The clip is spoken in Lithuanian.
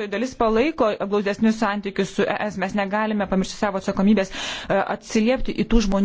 Tai dalis palaiko glaudesnius santykius su ES. Mes negalime pamiršti savo atsakomybės e, atsiliepti į tų žmonių.